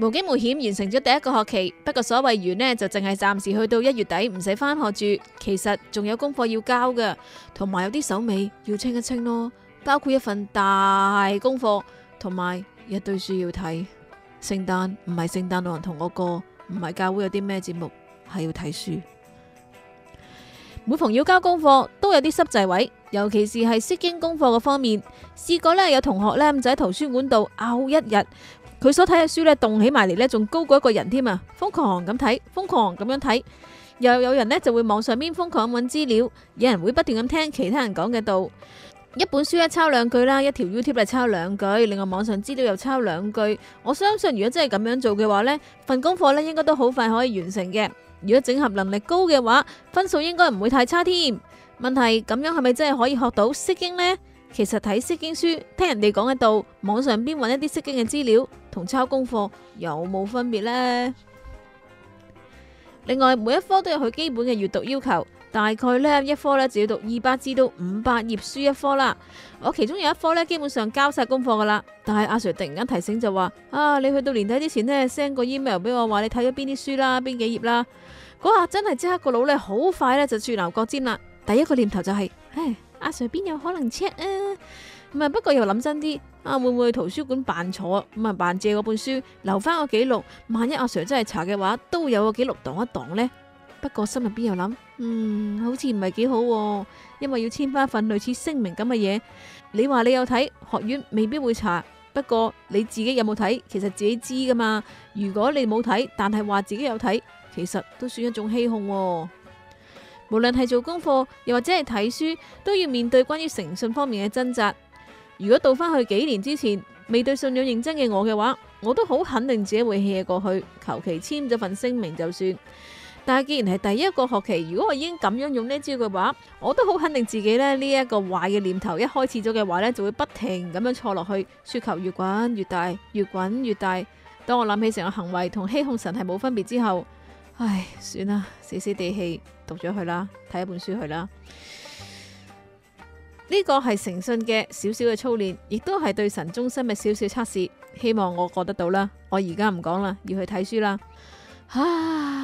無驚無險完成咗第一個學期，不過所謂完呢就淨係暫時去到一月底唔使返學住，其實仲有功課要交噶，同埋有啲手尾要清一清咯，包括一份大功課，同埋一堆書要睇。聖誕唔係聖誕老人同我過，唔係教會有啲咩節目，係要睇書。每逢要交功課，都有啲濕滯位，尤其是係識經功課嘅方面。試過呢，有同學呢就喺圖書館度拗一日，佢所睇嘅書呢凍起埋嚟呢仲高過一個人添啊！瘋狂咁睇，瘋狂咁樣睇，又有人呢就會網上面瘋狂咁搵資料，有人會不斷咁聽其他人講嘅道。一本書一抄兩句啦，一條 YouTube 嚟抄兩句，另外網上資料又抄兩句。我相信如果真係咁樣做嘅話呢，份功課咧應該都好快可以完成嘅。如果整合能力高嘅話，分數應該唔會太差添。問題咁樣係咪真係可以學到釋經呢？其實睇釋經書，聽人哋講嘅道，網上邊揾一啲釋經嘅資料，同抄功課有冇分別呢？另外，每一科都有佢基本嘅閱讀要求。大概呢，一科呢就要讀二百至到五百頁書一科啦。我其中有一科呢，基本上交晒功課噶啦。但係阿 sir 突然間提醒就話：啊，你去到年底之前呢 send 個 email 俾我話你睇咗邊啲書啦，邊幾頁啦。嗰下真係即刻個腦咧好快呢就鑽牛角尖啦。第一個念頭就係、是：，唉，阿 sir 邊有可能 check 啊？唔係，不過又諗真啲，啊會唔會去圖書館辦錯？咁啊辦借嗰本書留翻個記錄，萬一阿 sir 真係查嘅話，都有個記錄擋一擋呢。」不過心入邊又諗，嗯，好似唔係幾好，因為要簽翻份類似聲明咁嘅嘢。你話你有睇，學院未必會查，不過你自己有冇睇，其實自己知噶嘛。如果你冇睇，但係話自己有睇，其實都算一種欺哄。無論係做功課又或者係睇書，都要面對關於誠信方面嘅掙扎。如果倒返去幾年之前，未對信仰認真嘅我嘅話，我都好肯定自己會 hea 過去，求其簽咗份聲明就算。但係既然係第一個學期，如果我已經咁樣用呢招嘅話，我都好肯定自己咧，呢一個壞嘅念頭一開始咗嘅話呢，就會不停咁樣錯落去，雪球越滾越大，越滾越大。當我諗起成個行為同欺哄神係冇分別之後，唉，算啦，死死地氣讀咗去啦，睇一本書去啦。呢、這個係誠信嘅少少嘅操練，亦都係對神忠心嘅少少測試。希望我過得到啦。我而家唔講啦，要去睇書啦。啊！